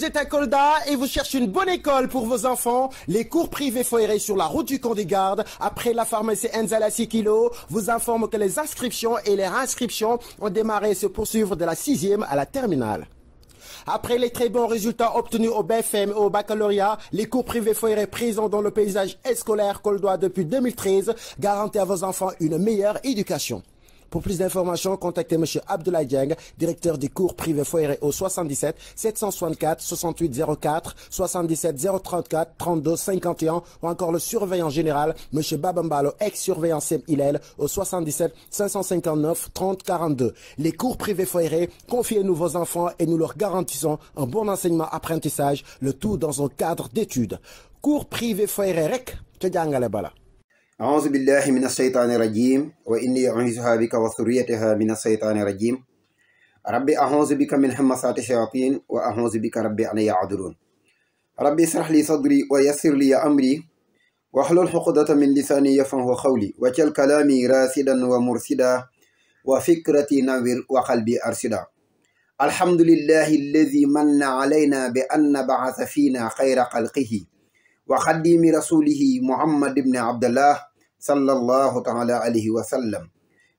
vous êtes à Kolda et vous cherchez une bonne école pour vos enfants, les cours privés foirés sur la route du camp des gardes, après la pharmacie Enzala Sikilo, vous informe que les inscriptions et les réinscriptions ont démarré et se poursuivre de la sixième à la terminale. Après les très bons résultats obtenus au BFM et au baccalauréat, les cours privés foirés présents dans le paysage scolaire coldois depuis 2013 garantissent à vos enfants une meilleure éducation. Pour plus d'informations, contactez M. Abdoulaye Dieng, directeur des cours privés Foyer au 77 764 68 04 77 034 32 51 ou encore le surveillant général M. Babambalo, ex-surveillant Sem Hillel au 77 559 30 42. Les cours privés Foyer, confiez-nous vos enfants et nous leur garantissons un bon enseignement apprentissage, le tout dans un cadre d'études. cours privé Foyer rek à la bala أعوذ بالله من الشيطان الرجيم وإني أعوذها بك وثريتها من الشيطان الرجيم رب أعوذ بك من همسات الشياطين وأعوذ بك رب أن يعذرون رب اشرح لي صدري ويسر لي أمري واحلل عقدة من لساني يفقه قولي واجعل كلامي راسدا ومرسدا وفكرتي نور وقلبي أرشدا الحمد لله الذي من علينا بأن بعث فينا خير خلقه وخديم رسوله محمد بن عبد الله sallallahu taala alayhi wa sallam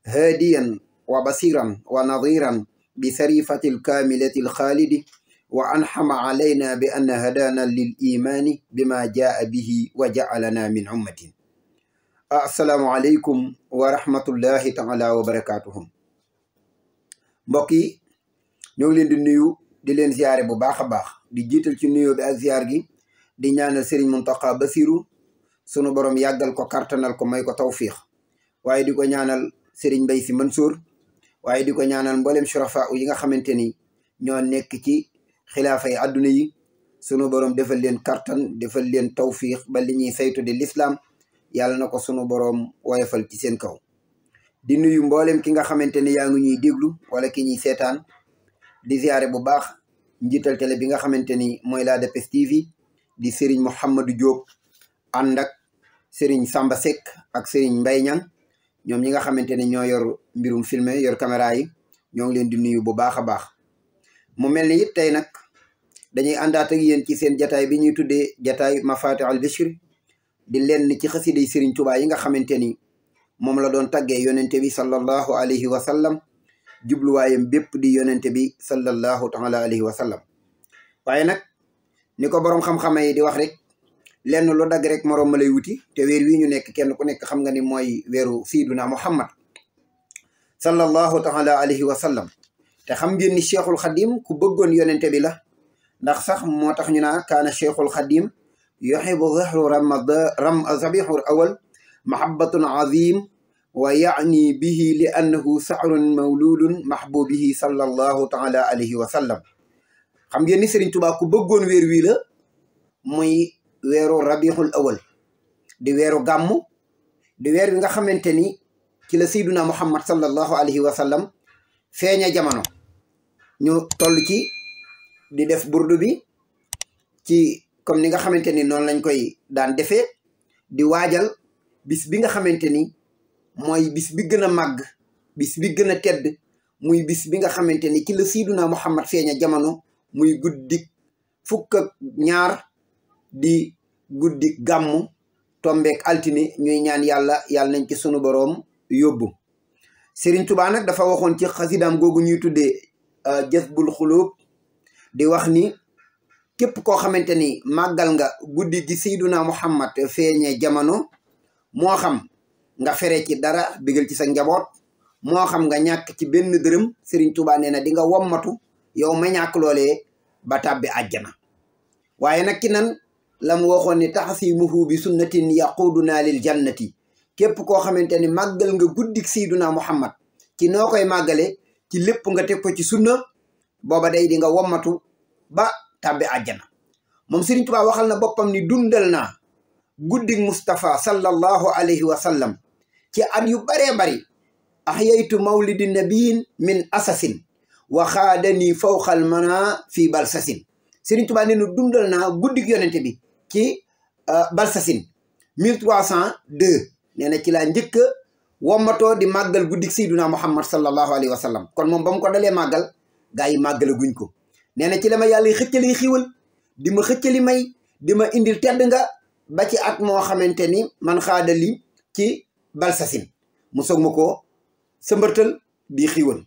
haadiyan wa basiran wa nadiran bi sarifati alkaamilati alxaalidi wa anxama alayna bi anna hadaana lil imaani bima jaa bihi wa ja'alana min ummatin assalaamu aleykum wa rahmatullahi taala wa barakaatuhum mbokk yi ñoo ngi leen di nuyu di leen ziyaare bu baax a baax di jiital ci nuyoo bi ak ziyaar gi di ñaanal Sëriñ Muntaqa Basiru sunu borom yàggal ko kartanal ko may ko tawfiix waaye di ko ñaanal Serigne Mbaye Sy Mansour waaye di ko ñaanal mboolem surafa yi nga xamante ni ñoo nekk ci xilaafa yi adduna yi sunu borom defal leen kartan defal leen tawfiix ba li ñuy saytu di lislaam yàlla na ko sunu borom woyofal ci seen kaw. di nuyu mboolem ki nga xamante ni yaa ngi ñuy déglu wala ki ñuy seetaan di ziare bu baax njiital télé bi nga xamante ni mooy La Dépêche TV di Serigne Mouhamadou Diop ànd Serigne Samba Seck ak Serigne Mbaye Niang ñoom ñi nga xamante ne ñoo yor mbirum filmer yor caméra yi ñoo ngi leen di nuyu bu baax a baax mu mel ni it tey nag dañuy àndaat ak yéen ci seen jataay bi ñuy tuddee jataay ma Mafatihul Bichri di leen ci xasiday sëriñ Touba yi nga xamante ni moom la doon taggee yonente bi sallallahu alayhi wa sallam jubluwaayam bépp di yonente bi sallallahu taala alayhi wa sallam waaye ni ko boroom xam-xame di wax rek lenn lu dagg rek moroom ma lay wuti te weer wii ñu nekk kenn ku nekk xam nga ni mooy weeru sayduna muhammad sallallahu taala alayhi wa sallam te xam ngeen ni cheikhul xadim ku bëggoon yonente bi la ndax sax moo tax ñu naa kaana cheikhul xadim yuxibu zahru ramada ram zabihul awal mahabatun azim wa yaani bihi li annahu sahrun mawludun mahbubihi sallallahu taala alayhi wa sallam xam ngeen ni sëriñ tubaa ku bëggoon weer wii la muy weeru rabihul awal di weeru gamu di weer bi nga xamanteni ci la sayyiduna muhammad sallallahu alaihi wasallam feña feeña jamono ñu toll ci di def burdu bi ci comme ni nga xamanteni non lañ koy daan defé di wajal bis bi nga xamanteni moy bis bi gëna mag bis bi gëna tedd muy bis bi nga xamanteni ci la sayyiduna muhammad feña jamono muy guddik fukk ñaar di guddi gàmm tombeek altine ñuy ñaan yàlla yàlla nañ ci sunu boroom yóbbu Serigne Touba nag dafa waxoon ci xasidaam googu ñuy tuddee euh, Jazbul Xuluub di wax ni képp koo xamante ni màggal nga guddi gi Seyduna Muhammad feeñee jamono moo xam nga fere ci dara bigal ci sa njaboot moo xam nga ñàkk ci benn dërëm Serigne Touba nee na dinga wommatu yow ma ñàkk loolee ba tàbbi àjjana waaye nag ki nan lam waxoon ni taxsimuhu bi sunnatin yaquduna lil jannati képp koo xamante ni màggal nga guddik sayduna muhammad ci noo koy màggale ci lépp nga teg ko ci sunna booba day di nga wommatu ba tàbbi àjjana moom Sëriñ Tuubaa waxal na boppam ni dundal na guddik Mustafa sallallahu alayhi wa sallam ci at yu baree bari ahyaytu mawlidi nabiyin min asasin wa xaadani fawqal mana fii balsasin Sëriñ Tuubaa nee na dundal naa guddik yonente bi ci euh, Balsasine 1302 nee na ci laa njëkk a wommatoo di màggal guddik Seydina Muhammad sallallahu alayhi wa sallam kon moom ba mu ko dalee màggal gaa yi màggale guñ ko nee na ci la ma yàlla yi xëccali di ma xëccali may di ma indil tedd nga ba ci at moo xamante ni man xaadali ci Balsasine mu soog ma koo sëmbërtal di xiiwal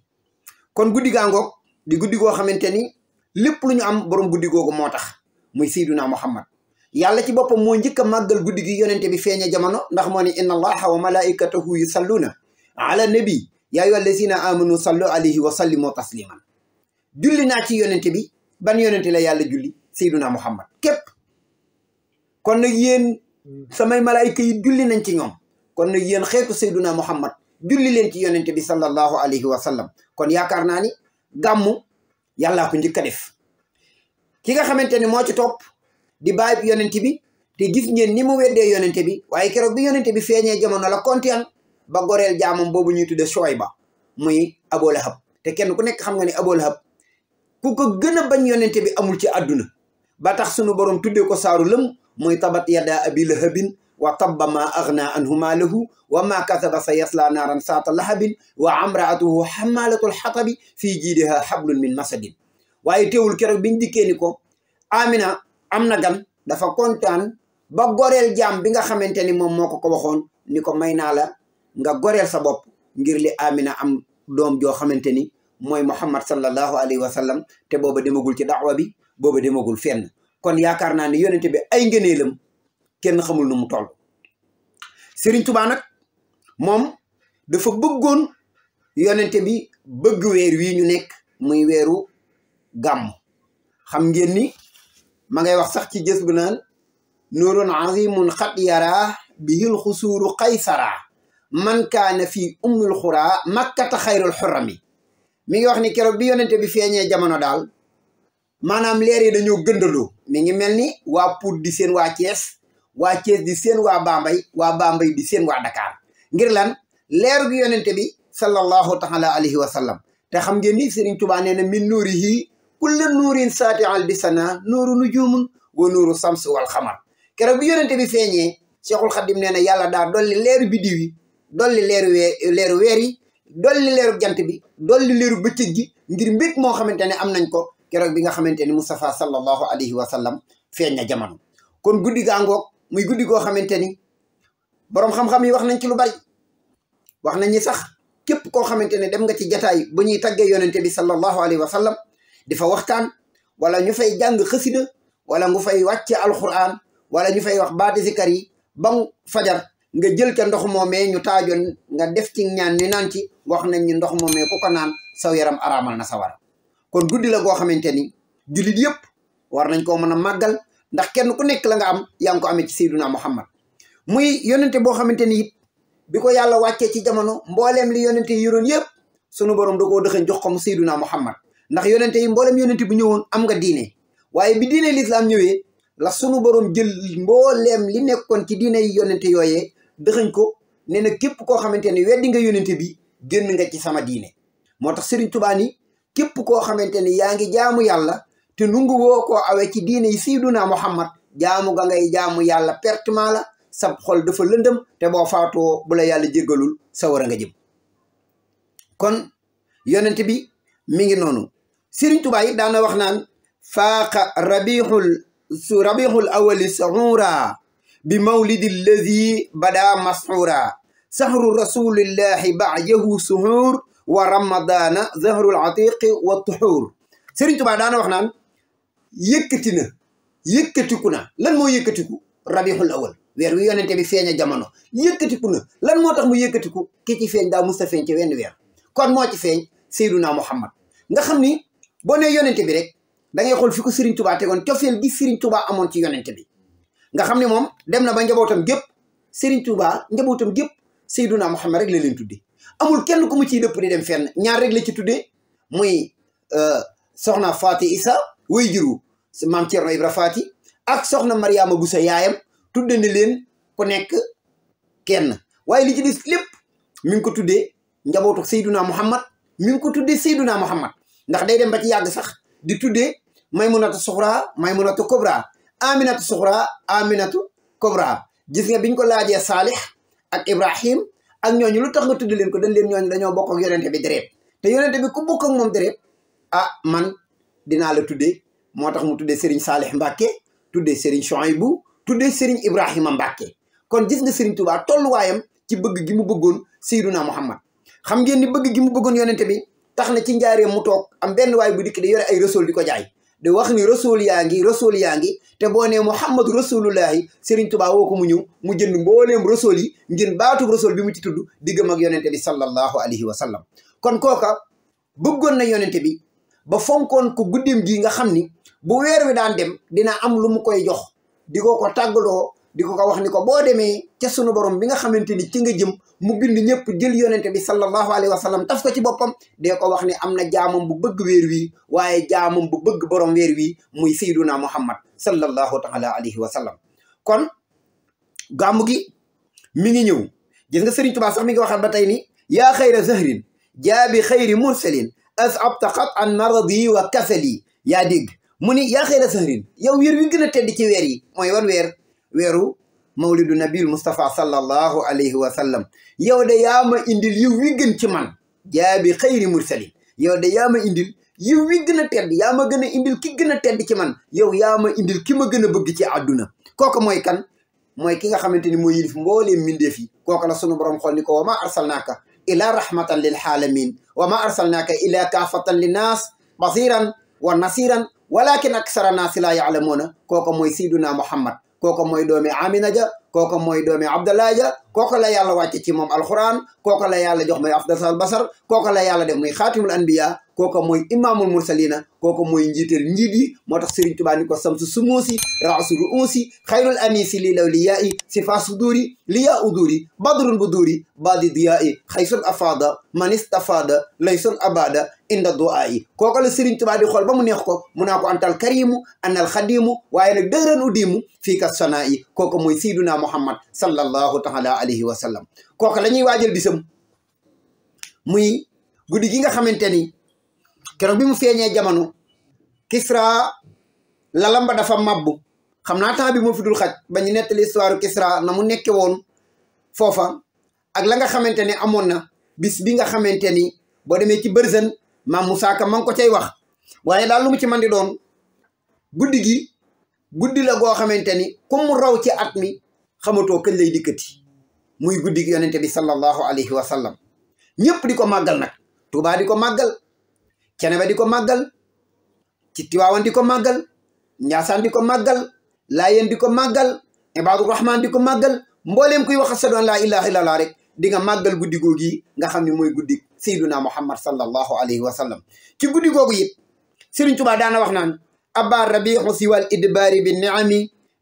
kon guddi gaangoog di guddi goo xamante ni lépp lu ñu am borom guddi googu moo tax muy Seydina Muhammad yàlla ci boppam moo njëkk a màggal guddi gi yonente bi feeña jamono ndax moo ne inna allaha wa malaikatahu yusalluna ala nabi yaa ayyuha allazina amanu sallu alayhi wa sallimu tasliman julli naa ci yonente bi ban yonente la yàlla julli sayduna muhammad képp kon nag yéen samay malaayika yi julli nañ ci ñoom kon nag yéen xeetu sayduna muhammad julli leen ci yonente bi sallallahu alayhi wa sallam kon yaakaar naa ni gàmmu yàllaa ko njëkk a def nga xamante ne moo topp di baabi yonente bi te gis ngeen ni mu wedde yonente bi waye kero bi yonente bi feñe jamono la kontian ba gorel jamum bobu ñuy tudde shoyba muy Abu Lahab te kenn ku nek xam nga ni Abu Lahab ku ko gëna bañ yonente bi amul ci aduna ba tax sunu borom tudde ko saaru lëm muy tabat yada abi lahabin wa tabba ma aghna anhu maluhu wa ma kasaba sayasla naran sat lahab wa amraatuhu hamalatul hatab fi jidha hablun min masadin waye teewul kero biñ dikeniko amina am na gan dafa kontaan ba goreel jaam bi nga xamante ni moom moo ko ko waxoon ni ko may naa la nga goreel sa bopp ngir li Amina am doom joo xamante ni mooy Muhammad sallallahu alayhi wa sallam te booba demagul ci daawa bi booba demagul fenn kon yaakaar naa ne yonente bi ay ngëneelam kenn xamul nu mu toll Serigne moom dafa bëggoon yonente bi bëgg weer wii ñu nekk muy weeru gàmm xam ngeen ni ma ngay wax sax ci jës bu naan nuurun azimun xat yaraa bihil xusuuru qaysaraa man kaana fii ummul xuraa makkata xayrul xurami mi ngi wax ni keroog bi yonente bi feeñee jamono daal maanaam leer yi dañoo gëndaloo mi ngi mel ni waa Pout di seen waa Thiès waa Thiès di seen waa bambay waa bambay di seen waa Dakar ngir lan leeru gu yonente bi sallallahu taala alayhi wa sallam te xam ngeen ni Serigne Touba nee min nuurihi kulla nuurin saati al bi sana nuuru nujumun wa nuuru sams wal xamar keroog bi yonente bi feeñee cheikhul xadim ne na yàlla daal dolli leeru biddiw yi dolli leeru wee leeru weer yi dolli leeru jant bi dolli leeru bëccëg gi ngir mbég moo xamante ne am nañ ko keroog bi nga xamante ni Moustapha sallallahu alayhi wa sallam feeñ na jamono kon guddi gaangoog muy guddi goo xamante ni boroom xam-xam yi wax nañ ci lu bari wax nañ sax képp koo xamante ne dem nga ci jataay bu ñuy taggee yonente bi sallallahu alayhi wa sallam di fa waxtaan wala ñu fay jàng xasida wala ngu fay wàcce alxuraan wala ñu fay wax baati zikar yi ba fajar nga jël ca ndox moomee ñu taajoon nga def ci ñaan ñu naan ci wax nañ ñu ndox moomee ku ko naan saw yaram araamal na sawara kon guddi la goo xamante ni jullit yëpp war nañ koo mën a màggal ndax kenn ku nekk la nga am yaa ngi ko amee ci sayduna muhammad muy yonente boo xamante ni it bi ko yàlla wàccee ci jamono mboolem li yonente yi yoroon yëpp sunu borom da koo dëxañ jox ko mu sayduna ndax yonente yi mboolem yonente bi ñëwoon am nga diine waaye bi diine lislaam ñëwee la sunu borom jël mbooleem li nekkoon ci diine yi yonente yooye dëxañ ko nee na képp koo xamante ne weddi nga yonente bi génn nga ci sama diine moo tax sëriñ tubaa ni képp koo xamante ne yaa ngi jaamu yàlla te nungu woo koo awee ci diine yi siiduna mohammad jaamu ga ngay jaamu yàlla pertement la sa xol dafa lëndëm te boo faatoo bu la yàlla jéggalul sa war a nga jëm kon yonente bi mi ngi noonu Sëriñ Tuubaa it daana wax naan faaqa rabixul su rabixul awali suura bi mawlidi lladi bada masxuura sahru rasulillahi ba'yahu suhuur wa ramadana zahrul atiqi wa tuxuur Sëriñ Tuubaa daana wax naan yëkkati na yëkkatiku na lan moo yëkkatiku rabixul awal weer wi yonente bi feeñ a jamono yëkkatiku na lan moo tax mu yëkkatiku ki ci feeñ daa musta feeñ ci wenn weer kon moo ci feeñ Seyduna Muhammad nga xam ni boo nee yonente bi rek da ngay xool fi ko Serigne Touba tegoon cofeel gi Serigne Touba amoon ci yonente bi nga xam ne moom dem na ba njabootam gépp Serigne Touba njabootam gépp Seydouna Mouhamed rek la leen tuddee amul kenn ku mu ciy dëpp di dem fenn la ci tuddee muy euh, soxna Faati Isa way si maam Thierno Ibra Faati ak soxna Mariama Boussa yaayam tudde na leen ko nekk kenn waaye li ci des lépp mi ngi ko tuddee njabootu Seydouna Mouhamed mi ngi ko tuddee Seydouna Mouhamed ndax day dem ba ci yàgg sax di tuddee maymunatu suxra maymunatu kubra aminatu suxra aminatu kubra gis nga biñ ko laajee saalix ak ibrahim ak ñooñu lu tax nga tudd leen ko dañ leen ñooñu dañoo bokk ak yonente bi deret te yonente bi ku bokk ak moom ah man dinaa la tuddee moo tax mu tuddee Serigne Saalix Mbàkke tuddee Serigne Chouaïbou tuddee Serigne Ibrahima Mbàkke kon gis nga Serigne Touba tolluwaayam ci bëgg gi mu bëggoon Seyduna Muhammad xam ngeen ni bëgg gi mu bëggoon yonente bi tax na ci njaaree mu toog am benn waay bu dikk di yore ay rasul di ko jaay di wax ni rasul yaa ngi rasul yaa ngi te boo nee Muhammadu rasulullahi Serigne Touba woo ko mu ñëw mu jënd mbooleem rasul yi ngir baatu rasul bi mu ci tudd diggam ak yonente bi sallallahu alayhi wa sallam kon kooka bëggoon na yonente bi ba fonkoon ko guddim gi nga xam ni bu weer wi daan dem dina am lu mu koy jox di ko ko di ko ko wax ni ko boo demee ca sunu borom bi nga xamante ni ci nga jëm mu bind ñëpp jël yonente bi sallallahu alayhi wa sallam taf ko ci boppam dee ko wax ni am na jaamam bu bëgg weer wi waaye jaamam bu bëgg borom weer wi muy sayduna muhammad sallallahu taala alayhi wa sallam kon gàmmu gi mi ngi ñëw gis nga Sëriñ Tuubaa sax mi ngi waxaat ba tey ni yaa xayra zahrin jaabi xayri mursalin as abtaqat an maradi wa kasali yaa dégg mu ni yaa xayra zahrin yow weer wi gën a tedd ci weer yi mooy wan weer weeru mawlidu nabil moustapha sallallahu alayhi wa sallam yow de yaa ma indil yiw wi gën ci man jaabi xayri mursalin yow de yaa ma indil yiw wi gën a tedd yaa ma gën a indil ki gën a tedd ci man yow yaa ma indil ki ma gën a bëgg ci àdduna kooku mooy kan mooy ki nga xamante ni mooy yilif mbooleem mbindeef yi kooku la sunu borom xool ni ko wa ma arsalnaaka ila rahmatan lil xaalamin wa ma arsalnaaka ila kaafatan li naas basiran wa nasiran walakin aksara naasi laa yaalamuuna kooku mooy sayduna muhammad kooka mooy doomi Amina ja kooka mooy doomi Abdallah ja kooka la yàlla wàcce ci moom alxuraan kooka la yàlla jox mooy afdal basar kooka la yàlla def muy xaatimul anbiya kooka mooy imaamul mursalina kooka mooy njiital njiit yi moo tax Sëriñ Tuubaa ni ko samsu sumuusi raasu ruusi xayrul anisi li law li yaayi sifa suduri li yaa uduri badrun buduri baadi diyaayi xaysun afaada man istafaada laysun abada inda duaayi kooka la Sëriñ Tuubaa di xool ba mu neex ko mu naa ko antal waaye nag dëgëran fii ka sonaa yi kooka mooy sayduna muhammad sallallahu taala alayhi wa sallam kooka la ñuy waajal bisam muy guddi gi nga xamante keroog bi mu feeñee jamono Kisra lalam ba dafa mabbu xam naa temps bi moo fi dul xaj ba ñu nettali histoire Kisra na mu nekke woon foofa ak la nga xamante ne amoon na bis bi nga xamante ni boo demee ci bërzën maam Moussa Ka ma ngi ko cay wax waaye daal lu mu ci mën di doon guddi gi guddi la goo xamante ni comme mu raw ci at mi xamatoo kañ lay dikkati muy guddi gi yonente bi sallallahu alayhi wa sallam ñëpp di ko màggal nag Tuubaa di ko màggal Ceneba di ko màggal ci Tiwaawan di ko màggal Njaasaan di ko màggal Laayeen di ko màggal Ibaadu Rahmaan di ko màggal mbooleem kuy wax asadu an laa ilaaha illallaah rek di nga màggal guddi googu nga xam ne mooy guddi Seyduna Muhammad sallallahu alayhi wa sallam ci guddi googu it Sëriñ Tuubaa daana wax naan abaa rabiixu siwal idbaari bi niami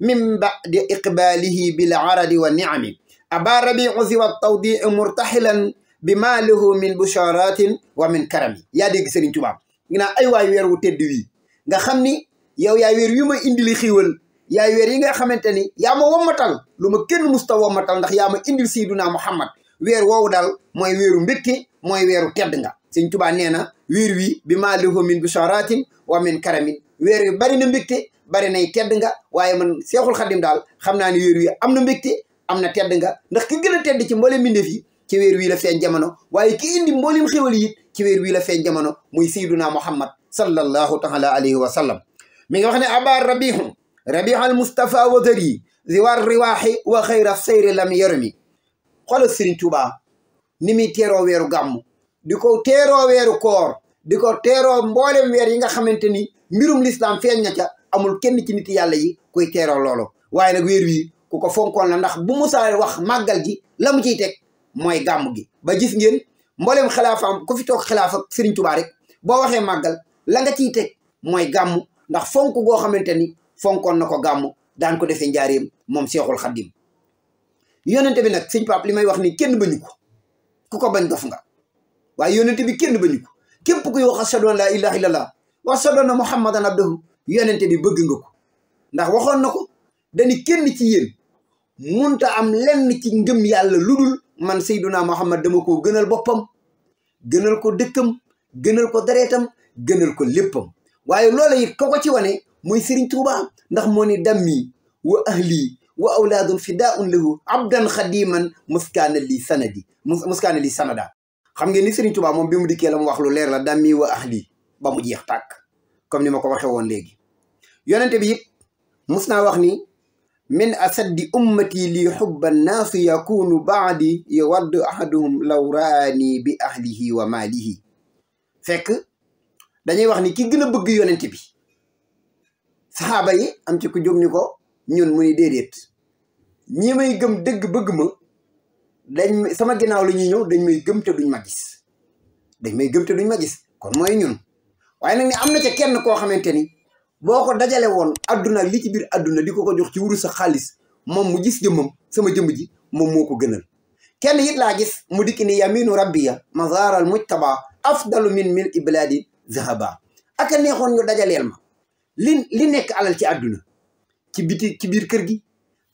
min ba'di iqbaalihi bil aradi wa niami abaa rabiixu siwa tawdi'i murtaxilan bi maa lahu min busharatin wa min karami yaa dégg Serigne Touba ñu naan ay waay weer wu tedd wii nga xamni yow ya wer yuma indi li xiwel ya wer yi nga xamanteni ya yaa ma wommatal lu kenn musta wommatal ndax ya ma indi sayyiduna Muhammad wer wowo dal moy weru mbekki moy weru tedd nga Serigne Touba neena wer wi bi maa min busharatin wa min karamin wer wi bari na mbekki bari nay tedd nga waye man cheikhul khadim dal xamna ni wer wi amna mbekki amna tedd nga ndax ki gëna tedd ci mbolé minde fi كبير ويلا فين جمانو واي كين دي مبولي مخيولي كبير ويلا فين جمانو موي سيدنا محمد صلى الله تعالى عليه وسلم ميغا وخني ابا ربيح ربيح المصطفى وذري زوار الرواح وخير السير لم يرمي قال سيرن توبا نيمي تيرو ويرو غامو ديكو تيرو ويرو كور ديكو تيرو مبولم وير ييغا خامتيني ميروم الاسلام فين نياتا امول كين تي نيت يالا يي كوي تيرو لولو واي نا وير وي كوكو فونكون لا نخ بو موسى واخ ماغال جي لامو جي تك mooy gàmm gi ba gis ngeen mboolem xilaafaam ku fi toog xilaaf ak Touba rek boo waxee màggal la ciy teg mooy gàmm ndax fonk goo xamante ni fonkoon na ko gàmm daan ko defee njaareem moom Seexul Xaddim yonente bi nag sëñ Pape li may wax ni kenn bañu ko ku ko bañ dof nga waaye yonente bi kenn bañu ko képp kuy wax ashadu an laa ilaaha illallah wa ashadu anna muhammadan abduhu yonente bi bëgg nga ko ndax waxoon na ko dañu kenn ci yéen munta am lenn ci ngëm yàlla ludul man Seyduna Muhammad dama koo gënal boppam gënal ko dëkkam gënal ko dereetam gënal ko léppam waaye loola it ko ko ci wane muy Serigne Touba ndax moo ni dammi wa ahli wa awlaadun fidaun lahu abdan xadiman muskaana li sanadi muskaana li sanada xam ngeen ni Serigne Touba moom bi mu dikkee la mu wax lu leer la dammi wa ahli ba mu jeex tàkk comme ni ma ko waxee woon léegi yonente bi it mus naa wax ni min asaddi ummati lii xubba naasu yakunu baadi yawaddu ahaduhum law raani bi ahlihi wa maalihi fekk dañuy wax ni ki gën a bëgg yonent bi saxaaba yi am ci ku jóg ni ko ñun mu ni déedéet ñi gëm dëgg bëgg ma sama ginnaaw la ñuy ñëw dañ may gëm te duñ ma gis dañ may gëm duñ ma gis kon mooy ñun waaye nag am na ca kenn koo xamante ni boko dajale won aduna li ci bir aduna diko ko jox ci wuru sa khalis mom mu gis jëmum sama jëm ji mom moko gënal kenn it la gis mu dik ni yaminu rabbiya al mujtaba afdalu min mil ibladi zahaba ak neexon ñu dajaleel ma li li nekk alal ci aduna ci biti ci bir kër gi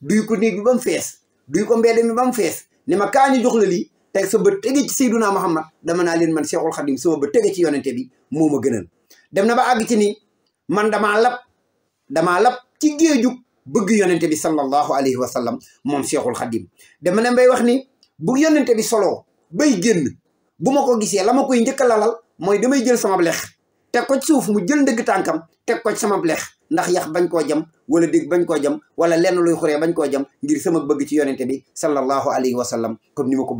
duy ko néeg bi bam fess fees duy ko mbéde mi bam fess ni ma kaa ñu jox la li teg sa be tege ci Seydunaa Muhammad dama na leen man cheikhul khadim sama be tege ci yonente bi moma gënal dem na ba ag ci ni man dama lab dama lab ci géejug bëgg yonent bi sallallahu alayhi wa sallam moom cheikhul khadim dama ne bay wax ni bu yonent bi solo bay genn bu mako gisee lama koy ñëk laal moy damay jël sama blex tek ko ci suuf mu jël ndëg tankam tek ko ci sama blex ndax yax bañ ko jam wala dégg bañ ko jam wala lenn luy xuree bañ ko jam ngir sama bëgg ci yonent bi sallallahu alayhi wa sallam comme ni ko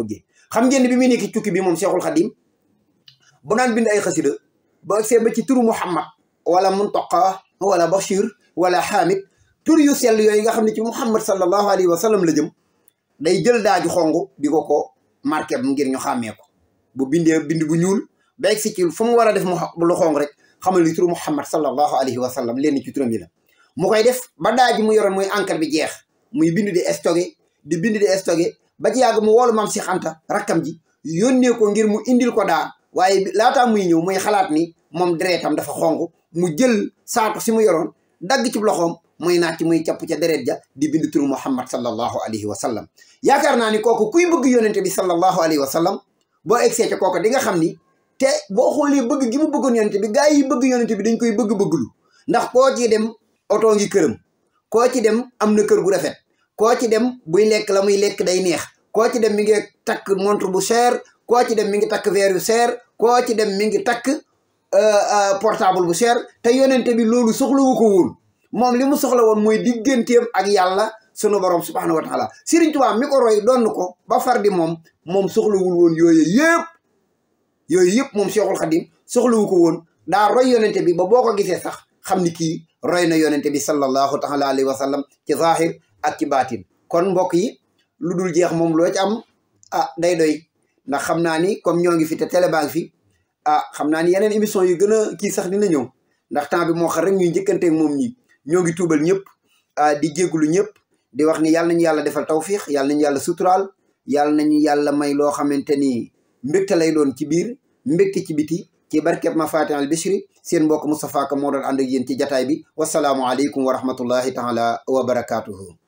xam ngeen bi mi nekk ci tukki bi mom cheikhul khadim bu naan bind ay khasida ba ba ci turu muhammad ولا منطقة ولا بشير ولا حامد تور يو سيل يو ييغا خامني محمد صلى الله عليه وسلم لا ديم داي جيل داجو خونغو ديكو كو ماركي مغير ньо خاميكو بو بيندي بيندي بو نيول بايك سي تيل فوم ورا ديف مو لو خونغ ريك خامل لي تور محمد صلى الله عليه وسلم لين تي تورم يلا موكاي ديف با داجو مو يورون موي انكار بي جيخ موي بيندي دي استوغي دي بيندي دي استوغي با جي ياغ مو وولو مام سيخانتا راكام جي يونيكو غير مو انديل كو دا waye laata muy ñew muy xalaat ni mom dreetam dafa xongu mu jël saako si mu yoroon dagg ci loxoom muy naaj ci muy capp ca deret ja di bind turu Muhammad sallallahu alayhi wa sallam yaakaar naa ni kooku kuy bëgg yonente bi sallallahu alayhi wa sallam boo egsee ca kooku di nga xam ni te boo xoolee bëgg gi mu bëggoon yonente bi gaa yi bëgg yonente bi dañ koy bëgg-bëgglu ndax koo ci dem otoo ngi këram koo ci dem am na kër gu rafet koo ci dem buy lekk la muy lekk day neex koo ci dem mi ngi takk montre bu cher koo ci dem mi ngi takk verre yu cher koo ci dem mi ngi takk portable bu cher te yonente bi loolu soxlawu wuko woon mom limu mu soxla woon mooy digganteem ak yàlla sunu borom subhanahu wa taala serigne touba mi ko roy don ko ba far di mom moom wul won yoy yeb yoy yeb mom Cheikhul Khadim soxlawu wuko won da roy yonente bi ba boko gisé sax xamni ki roy na yonente bi sallallahu taala alayhi wa sallam ci zahir ak ci batin kon mbok yi ludul jeex mom lo ci am ah day doy na xamna ni comme ñoo ngi fi te télé baa fi ah xam naa ni yeneen émission yi gën a kii sax dina ñëw ndax temps bi moo xam rek ñuy njëkkanteeg moom ñi ñoo ngi tuubal ñëpp ah, di jégglu ñëpp di wax ni yàlla nañu yàlla defal tawfiix yàlla nañu yàlla suturaal yàlla nañu yàlla may loo xamante ni mbégte lay doon ci biir mbégte ci biti ci barkeb ma fatin al bishri seen mbokk Moustapha Ka moo doon ànd ak yéen ci jataay bi wasalaamu aleykum wa rahmatullahi taala wa barakaatuhu